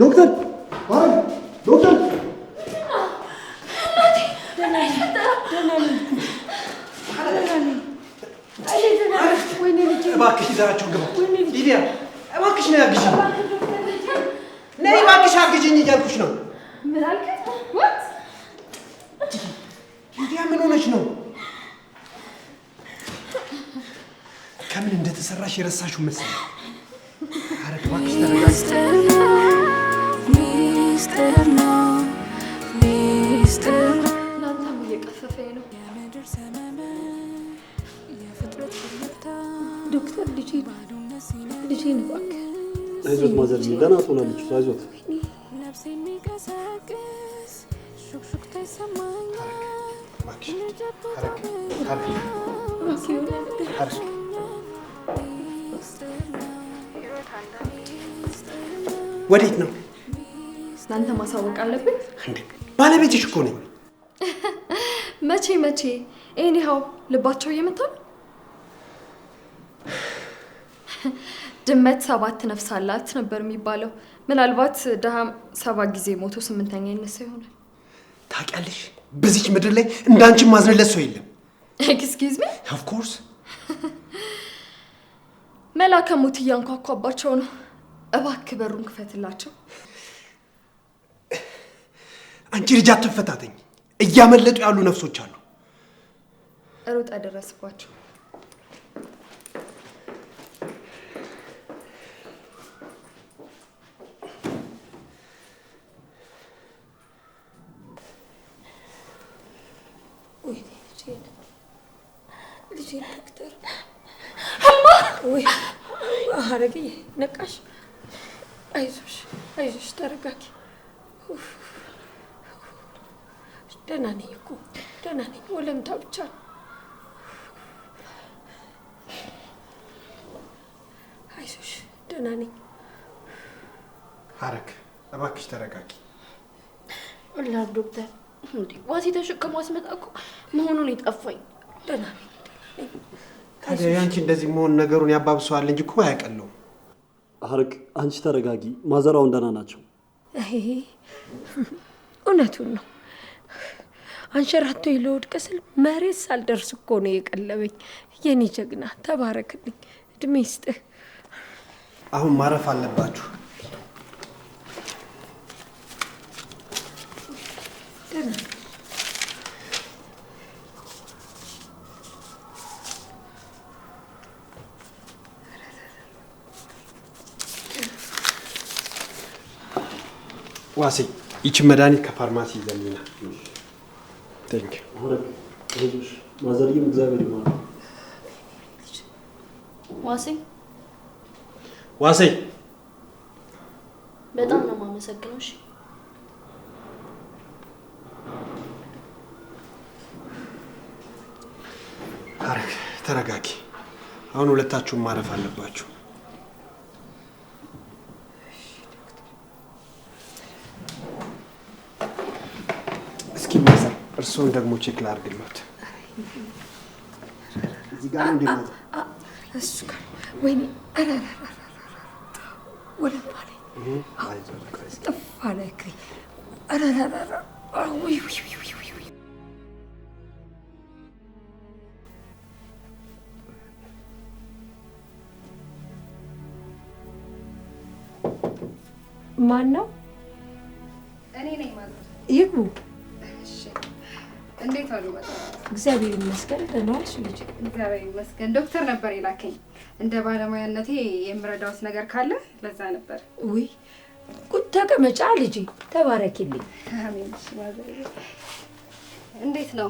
ዶክተር አይ ዶክተር እባክሽ ይዘራችሁን ግባ። ሊዲያ እባክሽ ነው ያግዥኝ። ነይ እባክሽ አግዥኝ እያልኩሽ ነው። ሊዲያ ምን ሆነች ነው? ከምን እንደተሰራሽ የረሳሽው መሰለኝ ዶክተር ልጅ ልጄ ነው እባክህ አይዞት ማዘር ደህና ትሆናለች አይዞት ወዴት ነው ለአንተ ማሳወቅ አለብን ባለቤትሽ እኮ ነኝ መቼ መቼ ይህን ይኸው ልባቸው እየመታ ነው ድመት ሰባት ነፍስ አላት ነበር የሚባለው። ምናልባት ድሃም ሰባት ጊዜ ሞቶ ስምንተኛ ይነሳ ይሆናል። ታውቂያለሽ፣ በዚች ምድር ላይ እንዳንቺ ማዝነለት ሰው የለም። ኤክስኪዝ ሚ። ኦፍኮርስ። መላከ ሞት እያንኳኳባቸው ነው። እባክህ በሩን ክፈትላቸው። አንቺ ልጅ አትፈታተኝ። እያመለጡ ያሉ ነፍሶች አሉ። ሩጥ ደረስባቸው። ሐረግዬ ነቃሽ? አይዞሽ አይዞሽ፣ ተረጋጊ። ደህና ነኝ እኮ ደህና ነኝ። ወለምታ ብቻ ነው። አይዞሽ፣ ደህና ነኝ። ሐረግ እባክሽ ተረጋጊ። ላም ዶክተር እንዴ ዋሴ ተሸክሞ አስመጣ እኮ መሆኑን የጠፋኝ። ደህና ነኝ ታዲያ ያንቺ እንደዚህ መሆን ነገሩን ያባብሰዋል እንጂ እኮ አያቀለውም። ሀረግ አንቺ ተረጋጊ፣ ማዘራውን ደህና ናቸው። እውነቱን ነው። አንሸራቶ ለወድቅ ስል መሬት ሳልደርስ እኮ ነው የቀለበኝ። የኔ ጀግና ተባረክልኝ፣ እድሜ ይስጥህ። አሁን ማረፍ አለባችሁ። ደህና ዋሴ ይቺ መድኃኒት ከፋርማሲ ዘሚና ማዘርዬም እግዚአብሔር ይሆናል። ዋሴ ዋሴ በጣም ነው የማመሰግነው። እሺ ተረጋጊ። አሁን ሁለታችሁም ማረፍ አለባችሁ። እርስዎን ደግሞ ቼክ ላድርግልዎት። ጋር ማን ነው? እኔ ነኝ። ይግቡ እንዴት አሉ? እግዚአብሔር ይመስገን ደህና ዋልሽ ልጄ። እግዚአብሔር ይመስገን። ዶክተር ነበር የላከኝ። እንደ ባለሙያነቴ የምረዳውት ነገር ካለ ለዛ ነበር። ውይ ቁጭ ተቀመጫ ልጅ፣ ተባረኪልኝ። አሜን። እንዴት ነው?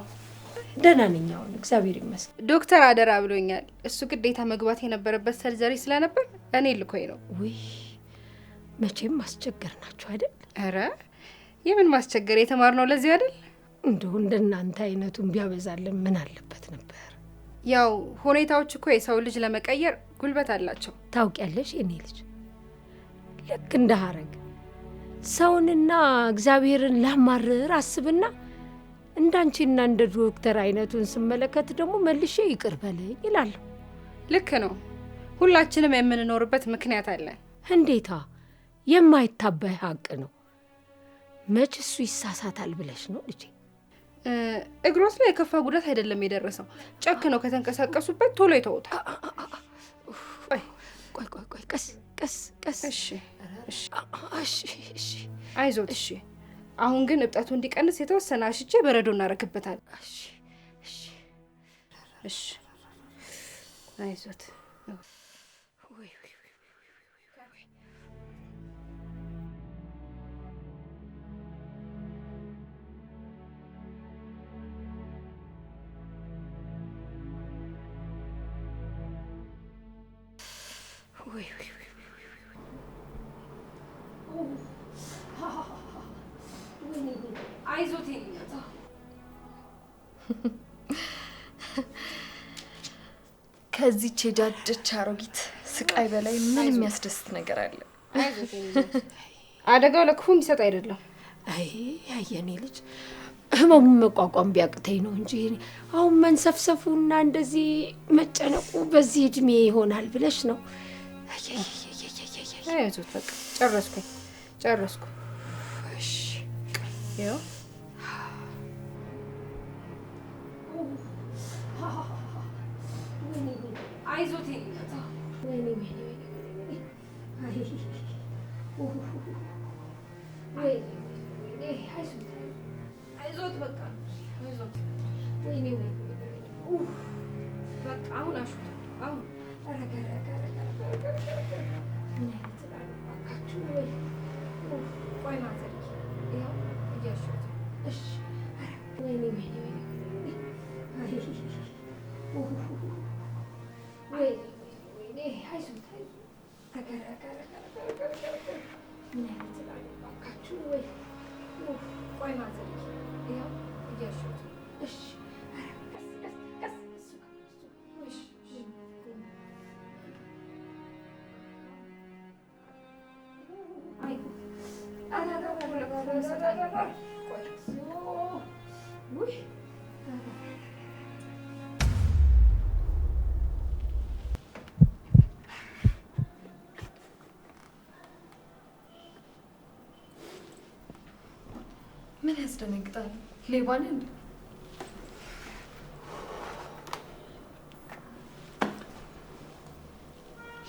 ደህና ነኝ አሁን እግዚአብሔር ይመስገን። ዶክተር አደራ ብሎኛል። እሱ ግዴታ መግባት የነበረበት ሰርጀሪ ስለነበር እኔ ልኮኝ ነው። ውይ መቼም ማስቸገር ናቸው አይደል? ኧረ የምን ማስቸገር፣ የተማርነው ለዚህ አይደል? እንዲሁ እንደናንተ አይነቱን ቢያበዛልን ምን አለበት ነበር። ያው ሁኔታዎች እኮ የሰው ልጅ ለመቀየር ጉልበት አላቸው። ታውቂያለሽ፣ የኔ ልጅ ልክ እንደ ሀረግ ሰውንና እግዚአብሔርን ላማርር አስብና እንዳንቺና እንደ ዶክተር አይነቱን ስመለከት ደግሞ መልሼ ይቅር በለኝ ይላለሁ። ልክ ነው። ሁላችንም የምንኖርበት ምክንያት አለን። እንዴታ! የማይታበይ ሀቅ ነው። መች እሱ ይሳሳታል ብለሽ ነው ልጄ? እግሮት ላይ የከፋ ጉዳት አይደለም የደረሰው። ጨክ ነው ከተንቀሳቀሱበት ቶሎ ይተውታል። ቆይ ቆይ ቆይ፣ ቀስ ቀስ ቀስ። እሺ እሺ እሺ፣ አይዞት። እሺ፣ አሁን ግን እብጠቱ እንዲቀንስ የተወሰነ አሽቼ በረዶ እናደርግበታል። እሺ እሺ፣ አይዞት። ከዚች የጃጀች አሮጊት ስቃይ በላይ ምን የሚያስደስት ነገር አለ? አደጋው ለክፉ የሚሰጥ አይደለም። አይ ያየኔ ልጅ ህመሙን መቋቋም ቢያቅተኝ ነው እንጂ አሁን መንሰፍሰፉና እንደዚህ መጨነቁ በዚህ እድሜ ይሆናል ብለሽ ነው? ጨረስኩ ጨረስኩ። አይዞት አይዞት በቃ አይዞት። በቃ አሁን አሹ አሁን ምን ያስደነግጣል? ሌባን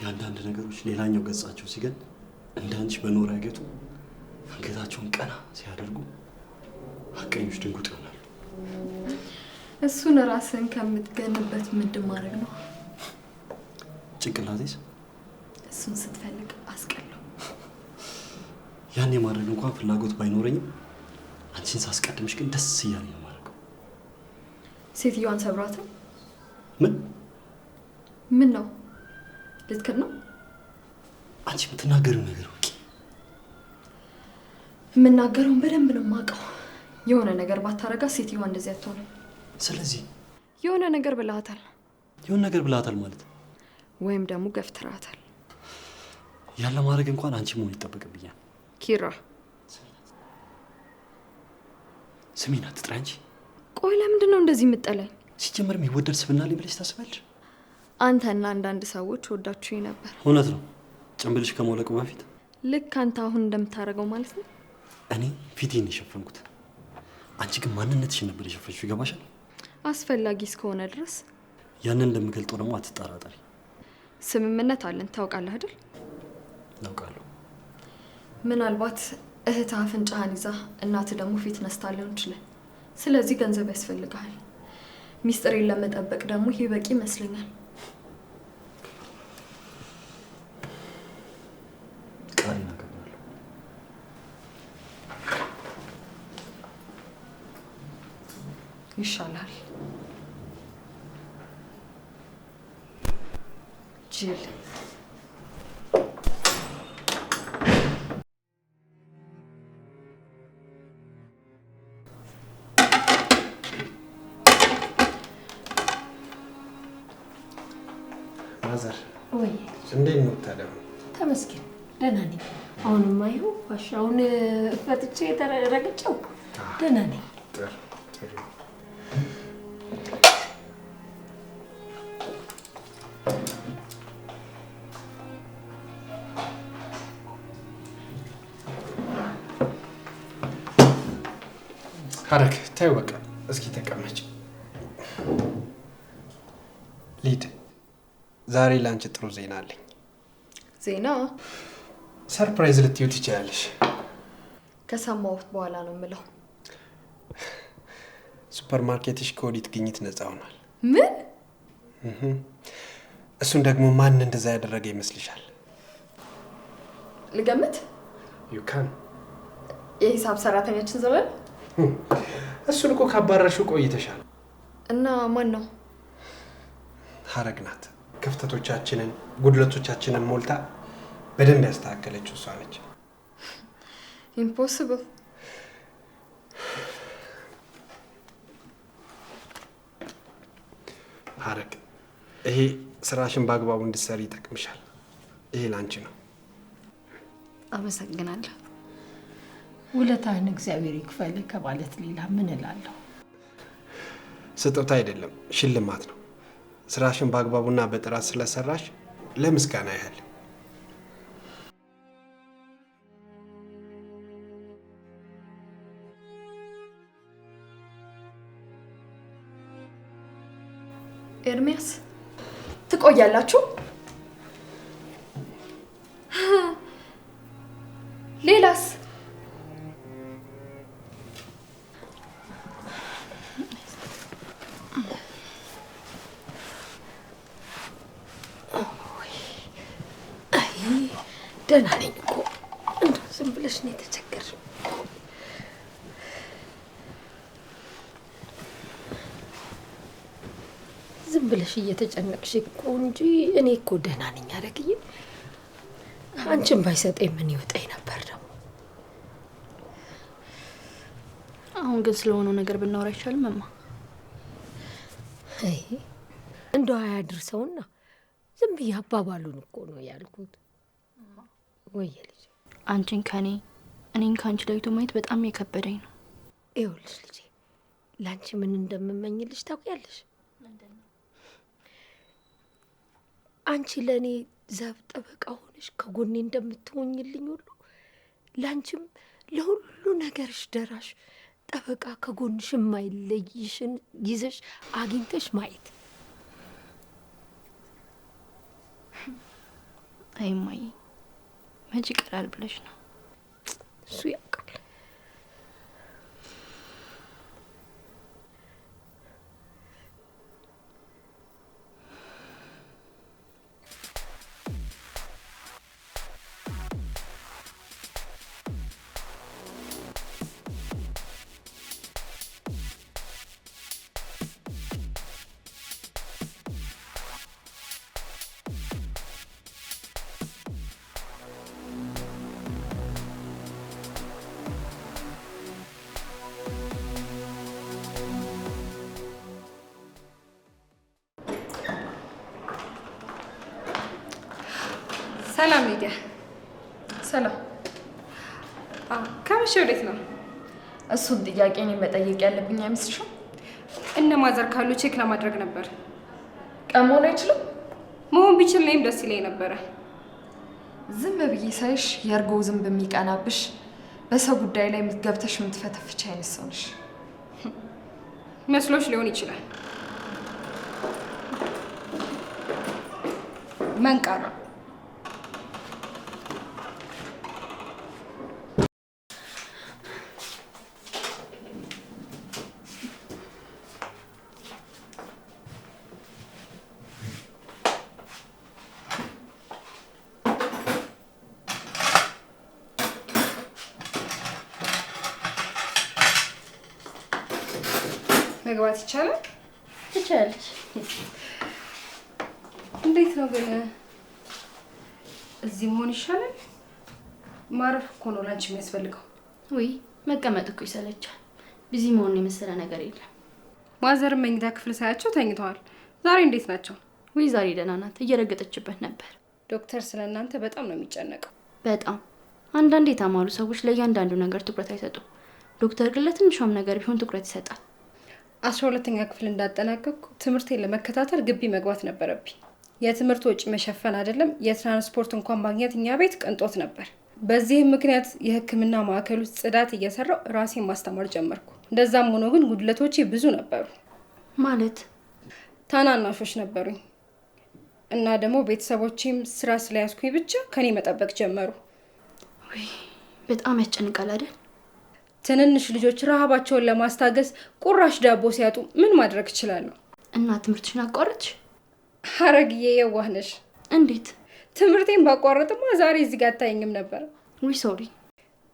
የአንዳንድ ነገሮች ሌላኛው ገጻቸው ሲገን እንደ በኖር ያጌጡ አንገታቸውን ቀና ሲያደርጉ ሀቀኞች ድንጉጥ ይሆናሉ። እሱን ራስን ከምትገንበት ምንድን ማድረግ ነው? ጭንቅላቴስ እሱን ስትፈልግ አስቀለው። ያን የማድረግ እንኳን ፍላጎት ባይኖረኝም አንቺን ሳስቀድምሽ ግን ደስ እያለ ነው የማደርገው። ሴትዮዋን ሰብራትም ምን ምን ነው ልትክድ ነው? አንቺ የምትናገሪው ነገር የምናገረውን በደንብ ነው የማውቀው። የሆነ ነገር ባታረጋ ሴትዮዋ እንደዚህ አትሆንም። ስለዚህ የሆነ ነገር ብላታል የሆነ ነገር ብልሃታል ማለት ወይም ደግሞ ገፍትራታል። ያለ ማድረግ እንኳን አንቺ መሆን ይጠበቅብኛል። ኪራ ስሜን አትጥራ እንጂ። ቆይ ለምንድን ነው እንደዚህ የምጠላኝ? ሲጀመር የሚወደድ ስብናል ብለሽ ታስባለሽ? አንተና አንዳንድ ሰዎች ወዳችሁኝ ነበር። እውነት ነው ጭንብልሽ ከመውለቁ በፊት ልክ አንተ አሁን እንደምታደርገው ማለት ነው። እኔ ፊቴን የሸፈንኩት አንቺ ግን ማንነትሽን ነበር የሸፈንሽው። ይገባሻል? አስፈላጊ እስከሆነ ድረስ ያንን እንደምገልጠው ደግሞ አትጠራጠሪ። ስምምነት አለን። ታውቃለህ አይደል? ታውቃለሁ። ምናልባት እህት አፍንጫህን ይዛ እናት ደግሞ ፊት ነስታ ሊሆን ይችላል። ስለዚህ ገንዘብ ያስፈልግሃል። ሚስጥሬን ለመጠበቅ ደግሞ ይህ በቂ ይመስለኛል። ይሻላል። ጅል ማዘር ወይ እንዴት ነው ታዲያ? ተመስገን ደህና ነኝ። አሁንማ ይኸው ዋሻውን ደህና ነኝ። ሐረግ ታዩ። በቃ እስኪ ተቀመጭ። ሊድ ዛሬ ላንቺ ጥሩ ዜና አለኝ። ዜና? ሰርፕራይዝ ልትዩ ትችላለሽ። ከሰማሁት በኋላ ነው የምለው። ሱፐር ማርኬትሽ ከወዲት ግኝት ነፃ ሆኗል። ምን? እሱን ደግሞ ማን እንደዛ ያደረገ ይመስልሻል? ልገምት። ዩካን የሂሳብ ሰራተኛችን ዘመን? እሱን እኮ ካባረርሽው ቆይተሻል። እና ማን ነው? ሀረግ ናት። ክፍተቶቻችንን፣ ጉድለቶቻችንን ሞልታ በደንብ ያስተካከለችው እሷ ነች። ኢምፖስብል ሀረግ፣ ይሄ ስራሽን በአግባቡ እንድትሰሪ ይጠቅምሻል። ይሄ ላንቺ ነው። አመሰግናለሁ። ውለታህን እግዚአብሔር ይክፈልህ ከማለት ሌላ ምን እላለሁ? ስጦታ አይደለም ሽልማት ነው። ስራሽን በአግባቡና በጥራት ስለሰራሽ ለምስጋና ያህል ኤርሚያስ ትቆያላችሁ? እየተጨነቅሽ እኮ እንጂ እኔ እኮ ደህና ነኝ አረግዬ። አንቺን ባይሰጠኝ ምን ይወጣኝ ነበር ደግሞ። አሁን ግን ስለሆነው ነገር ብናወራ አይቻልም እማ? እንደው አያድርሰውና ዝም ብዬ አባባሉን እኮ ነው ያልኩት። ወየ ልጅ አንቺን ከኔ እኔን ከአንቺ ለይቶ ማየት በጣም የከበደኝ ነው። ይኸውልሽ ልጄ፣ ለአንቺ ምን እንደምመኝልሽ ታውቂያለሽ? አንቺ ለእኔ ዘብ ጠበቃ ሆነሽ ከጎኔ እንደምትሆኝልኝ ሁሉ ለአንቺም ለሁሉ ነገርሽ ደራሽ ጠበቃ ከጎንሽ የማይለይሽን ይዘሽ አግኝተሽ ማየት። አይማይ እማዬ መች ይቀራል ብለሽ ነው እሱ ያ ሰላም ሚዲያ ሰላም። ከመቼ ወዴት ነው? እሱን ጥያቄ እኔ መጠየቅ ያለብኝ አይመስልሽም? እነ ማዘር ካሉ ቼክ ለማድረግ ነበር። ቀን መሆን አይችልም? መሆን ቢችል ላይም ደስ ይለኝ ነበረ። ዝም ብዬ ሳይሽ የእርጎ ዝንብ የሚቀናብሽ በሰው ጉዳይ ላይ የምትገብተሽ የምትፈተፍች አይነት ሰው ነሽ ሊሆን ይችላል። መንቃራ መግባት ይቻላል? ትችላለች። እንዴት ነው ግን እዚህ መሆን ይሻላል? ማረፍ እኮ ነው ላንቺ የሚያስፈልገው። ውይ መቀመጥ እኮ ይሰለቻል። ቢዚ መሆን የመሰለ ነገር የለም። ማዘር መኝታ ክፍል ሳያቸው ተኝተዋል። ዛሬ እንዴት ናቸው? ውይ ዛሬ ደህና ናት። እየረገጠችበት ነበር። ዶክተር ስለ እናንተ በጣም ነው የሚጨነቀው። በጣም አንዳንድ የተማሩ ሰዎች ለእያንዳንዱ ነገር ትኩረት አይሰጡም። ዶክተር ግን ለትንሿም ነገር ቢሆን ትኩረት ይሰጣል። አስራ ሁለተኛ ክፍል እንዳጠናቀቅኩ ትምህርቴን ለመከታተል ግቢ መግባት ነበረብኝ። የትምህርት ወጪ መሸፈን አይደለም የትራንስፖርት እንኳን ማግኘት እኛ ቤት ቅንጦት ነበር። በዚህም ምክንያት የሕክምና ማዕከል ውስጥ ጽዳት እየሰራው ራሴን ማስተማር ጀመርኩ። እንደዛም ሆኖ ግን ጉድለቶቼ ብዙ ነበሩ። ማለት ታናናሾች ነበሩኝ እና ደግሞ ቤተሰቦቼም ስራ ስለያዝኩኝ ብቻ ከኔ መጠበቅ ጀመሩ። በጣም ያስጨንቃል አይደል? ትንንሽ ልጆች ረሃባቸውን ለማስታገስ ቁራሽ ዳቦ ሲያጡ ምን ማድረግ እችላለሁ? እና ትምህርትሽን አቋረጥሽ? ሀረግዬ የዋህ ነሽ። እንዴት? ትምህርቴን ባቋረጥማ ዛሬ እዚህ ጋር አታየኝም ነበር። ዊ ሶሪ።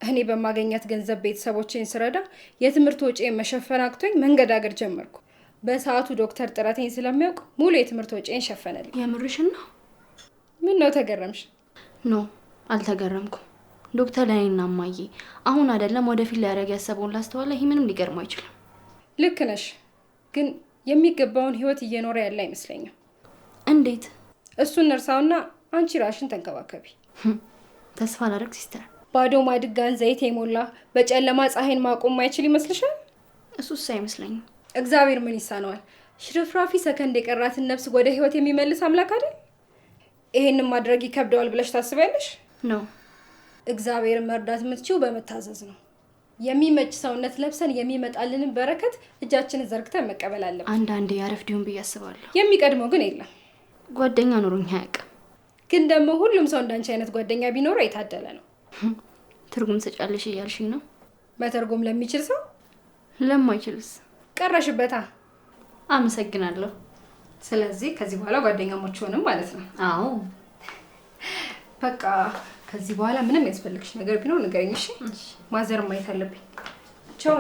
እኔ በማገኛት ገንዘብ ቤተሰቦቼን ስረዳ የትምህርት ወጪን መሸፈን አቅቶኝ መንገዳገር ጀመርኩ። በሰዓቱ ዶክተር ጥረቴን ስለሚያውቅ ሙሉ የትምህርት ወጪን ሸፈነልኝ። የምርሽን ነው? ምን ነው ተገረምሽ? ኖ አልተገረምኩም። ዶክተር ላይና ማዬ አሁን አይደለም ወደፊት ሊያደርግ ያሰበውን ላስተዋለ ይህ ምንም ሊገርመው አይችልም። ልክ ነሽ፣ ግን የሚገባውን ህይወት እየኖረ ያለ አይመስለኝም። እንዴት? እሱን እርሳውና አንቺ ራሽን ተንከባከቢ። ተስፋ ላደርግ ሲስተር። ባዶ ማድጋን ዘይት የሞላ በጨለማ ፀሐይን ማቆም ማይችል ይመስልሻል? እሱስ አይመስለኝም። እግዚአብሔር ምን ይሳነዋል? ሽርፍራፊ ሰከንድ የቀራትን ነፍስ ወደ ህይወት የሚመልስ አምላክ አይደል? ይሄንን ማድረግ ይከብደዋል ብለሽ ታስቢያለሽ ነው? እግዚአብሔርን መርዳት የምትችው በመታዘዝ ነው። የሚመች ሰውነት ለብሰን የሚመጣልንን በረከት እጃችንን ዘርግተን መቀበል አለብን። አንዳንዴ ያረፍዲሁን ብዬ አስባለሁ። የሚቀድመው ግን የለም። ጓደኛ ኖሮኝ አያውቅም። ግን ደግሞ ሁሉም ሰው እንዳንቺ አይነት ጓደኛ ቢኖረው የታደለ ነው። ትርጉም ስጫለሽ እያልሽኝ ነው? መተርጎም ለሚችል ሰው ለማይችልስ? ቀረሽበታ። አመሰግናለሁ። ስለዚህ ከዚህ በኋላ ጓደኛሞች ሆንም ማለት ነው? አዎ። በቃ ከዚህ በኋላ ምንም ያስፈልግሽ ነገር ቢኖር ንገረኝ። እሺ ማዘር ማየት አለብኝ። ቻው።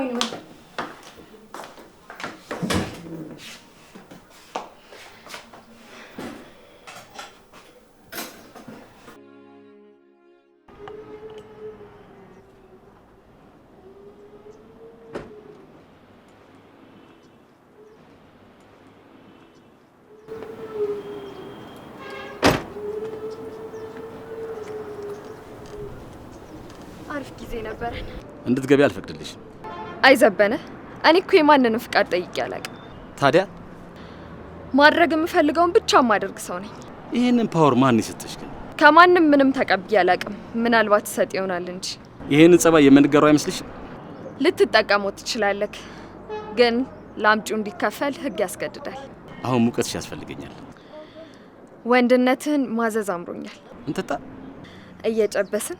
አሪፍ ጊዜ ነበረን። እንድትገቢ አልፈቅድልሽም። አይዘበነ እኔ እኮ የማንንም ፍቃድ ጠይቄ አላውቅም። ታዲያ ማድረግ የምፈልገውን ብቻ ማደርግ ሰው ነኝ። ይህንን ፓወር ማን የሰጠሽ ግን? ከማንም ምንም ተቀብዬ አላውቅም። ምናልባት ሰጥ ይሆናል እንጂ ይህንን ጸባይ የምንገረው አይመስልሽም? ልትጠቀመው ትችላለህ፣ ግን ለአምጪው እንዲከፈል ህግ ያስገድዳል። አሁን ሙቀትሽ ያስፈልገኛል። ወንድነትህን ማዘዝ አምሮኛል። እንትጣ እየጨበስን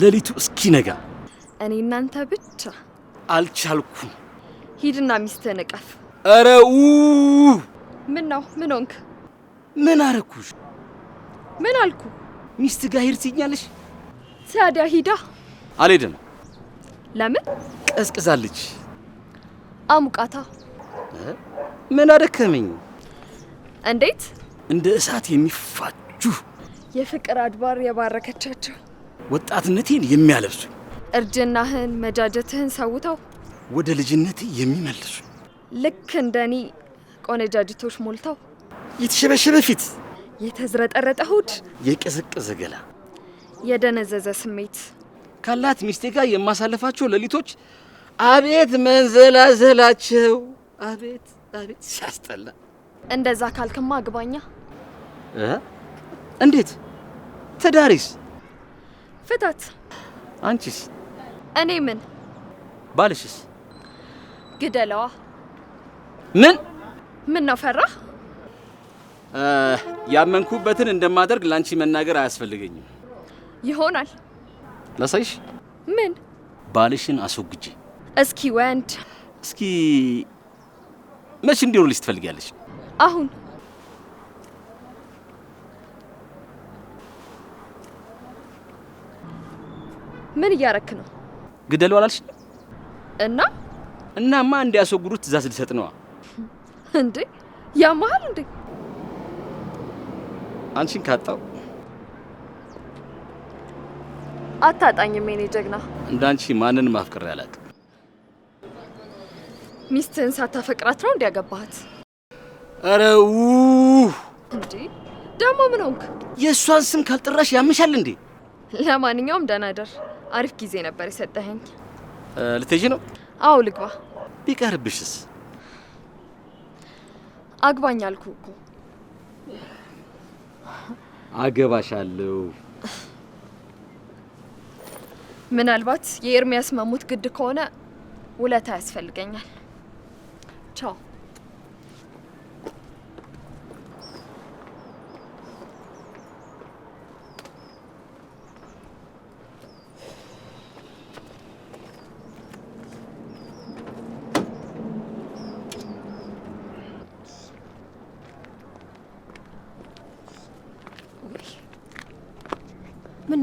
ሌሊቱ እስኪነጋ እኔ እናንተ ብቻ። አልቻልኩም። ሂድና ሚስትህን ነቀፍ። እረው ምን ነው? ምን ሆንክ? ምን አረኩሽ? ምን አልኩ? ሚስት ጋር ሂድ ትይኛለሽ። ታዲያ ሂዳ። አልሄድም። ለምን? ቀዝቅዛለች። አሙቃታ። ምን አደከመኝ? እንዴት እንደ እሳት የሚፋጁ የፍቅር አድባር የባረከቻቸው ወጣትነቴን የሚያለብሱ እርጅናህን መጃጀትህን ሰውተው ወደ ልጅነት የሚመልሱ ልክ እንደ እኔ ቆነጃጅቶች ሞልተው የተሸበሸበ ፊት፣ የተዝረጠረጠ ሆድ፣ የቀዘቀዘ ገላ፣ የደነዘዘ ስሜት ካላት ሚስቴ ጋር የማሳለፋቸው ሌሊቶች አቤት መንዘላዘላቸው! አቤት አቤት ሲያስጠላ! እንደዛ ካልክማ አግባኛ። እንዴት ትዳሪስ? ፍታት። አንቺስ? እኔ ምን? ባልሽስ? ግደለዋ። ምን ምን ነው ፈራ? ያመንኩበትን እንደማደርግ ላንቺ መናገር አያስፈልገኝም። ይሆናል። ላሳይሽ። ምን? ባልሽን አስወግጄ። እስኪ ወንድ እስኪ መቼ እንዲሆን ልጅ ትፈልጊያለሽ? አሁን ምን እያረክ ነው? ግደሉ አላልሽ? እና እናማ እንዲያስወግዱት ትእዛዝ ልሰጥ ነዋ። እንዴ ያማሃል እንዴ? አንቺን ካጣው አታጣኝም የኔ ጀግና። እንዳንቺ ማንንም አፍቅሬ አላውቅም። ሚስትህን ሳታፈቅራት ነው እንዲያገባሃት? ኧረ እንዴ ደግሞ ምን ሆንክ? የእሷን ስም ካልጠራሽ ያምሻል እንዴ? ለማንኛውም ደህና ደር አሪፍ ጊዜ ነበር የሰጠኸኝ። ልትሄጂ ነው? አዎ ልግባ። ቢቀርብሽስ? አግባኝ አልኩ እኮ። አገባሻለሁ። ምናልባት የኤርሚያስ መሞት ግድ ከሆነ ውለታ ያስፈልገኛል። ቻው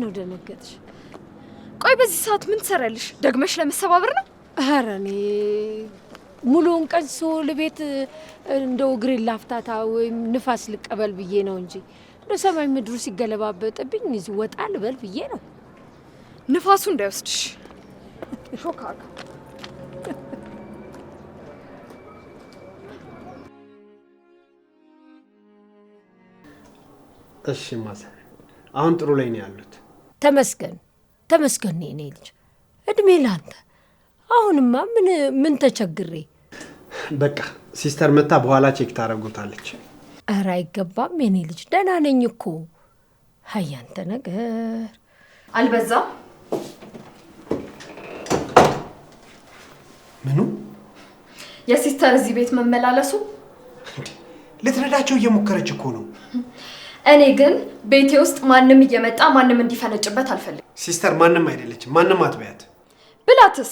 ነው ደነገጥሽ? ቆይ በዚህ ሰዓት ምን ትሰሪያለሽ? ደግመሽ ለመሰባበር ነው? ኧረ እኔ ሙሉውን ቀን ስውል ቤት እንደው እግሬን ላፍታታ ወይም ንፋስ ልቀበል ብዬ ነው እንጂ እንደ ሰማይ ምድሩ ሲገለባበጥብኝ እዚህ ወጣ ልበል ብዬ ነው። ንፋሱ እንዳይወስድሽ። ሾካ እሺ፣ ማዘር አሁን ጥሩ ላይ ነው ያሉት። ተመስገን ተመስገን የኔ ልጅ እድሜ ላንተ። አሁንማ ምን ምን ተቸግሬ። በቃ ሲስተር መታ በኋላ ቼክ ታደርጉታለች። እረ አይገባም የኔ ልጅ ደህና ነኝ እኮ። ሀያንተ ነገር አልበዛ ምኑ የሲስተር እዚህ ቤት መመላለሱ ልትረዳቸው እየሞከረች እኮ ነው እኔ ግን ቤቴ ውስጥ ማንም እየመጣ ማንም እንዲፈነጭበት አልፈልግም። ሲስተር ማንም አይደለችም፣ ማንም አትበያት። ብላትስ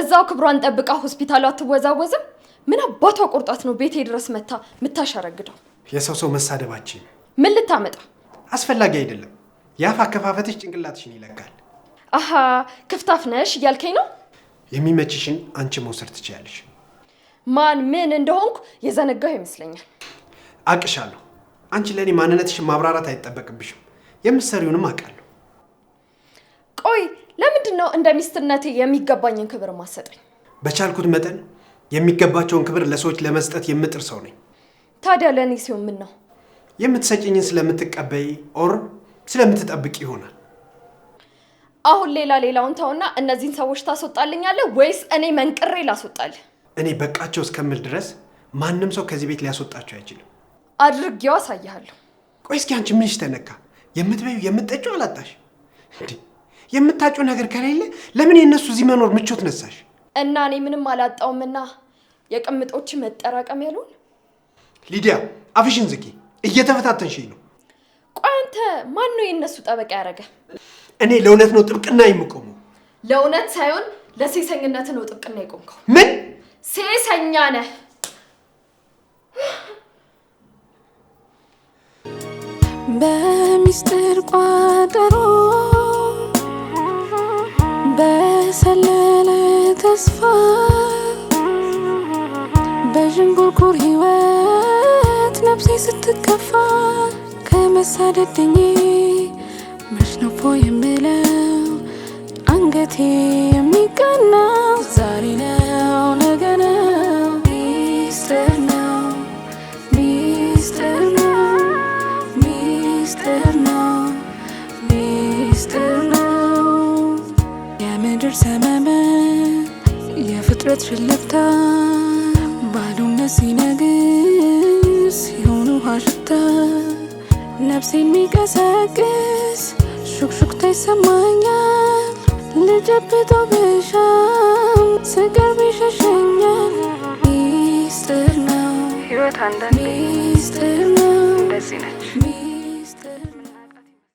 እዛው ክብሯን ጠብቃ ሆስፒታሉ አትወዛወዝም? ምን አባቷ ቁርጣት ነው ቤቴ ድረስ መታ የምታሸረግደው? የሰው ሰው መሳደባችን ምን ልታመጣ አስፈላጊ አይደለም። የአፍ አከፋፈትሽ ጭንቅላትሽን ይለካል። አሀ ክፍታፍ ነሽ እያልከኝ ነው። የሚመችሽን አንቺ መውሰድ ትችያለሽ። ማን ምን እንደሆንኩ የዘነጋሁ ይመስለኛል። አቅሻለሁ አንቺ ለእኔ ማንነትሽ ማብራራት አይጠበቅብሽም። የምትሰሪውንም አውቃለሁ። ቆይ ለምንድን ነው እንደ ሚስትነት የሚገባኝን ክብር ማሰጠኝ? በቻልኩት መጠን የሚገባቸውን ክብር ለሰዎች ለመስጠት የምጥር ሰው ነኝ። ታዲያ ለእኔ ሲሆን ምን ነው የምትሰጭኝን ስለምትቀበይ ኦር ስለምትጠብቅ ይሆናል። አሁን ሌላ ሌላውን ተውና እነዚህን ሰዎች ታስወጣልኛለህ ወይስ እኔ መንቅሬ ላስወጣል? እኔ በቃቸው እስከምል ድረስ ማንም ሰው ከዚህ ቤት ሊያስወጣቸው አይችልም። አድርጌው አሳያለሁ። ቆይ እስኪ አንቺ ምንሽ ተነካ? የምትበዩ የምትጠጩ አላጣሽ እንዴ? የምታጩ ነገር ከሌለ ለምን የእነሱ እዚህ መኖር ምቾት ነሳሽ? እና እኔ ምንም አላጣውምና የቅምጦች መጠራቀም ያሉን። ሊዲያ አፍሽን ዝጊ፣ እየተፈታተንሽኝ ነው። ቆይ አንተ ማን ነው የእነሱ ጠበቃ ያደረገ? እኔ ለእውነት ነው ጥብቅና የምቆመው። ለእውነት ሳይሆን ለሴሰኝነት ነው ጥብቅና የቆምከው። ምን ሴሰኛ ነህ? በሚስጥር ቋጠሮ በሰለለ ተስፋ በዥንጉርጉር ህይወት ነፍሴ ስትከፋ ከመሳደድኝ መሽነፎ የምለው አንገቴ ሽለታ ባዶነት ሲነግስ ሲሆን ውሃ ነፍሴ የሚቀሰቅስ ሹክሹክታ ይሰማኛል። ልጨብጠው ብሻም ስቀርብ ይሸሸኛል። ሚስጥር ነው ሕይወት አንዳንዴ ሚስጥር ነው።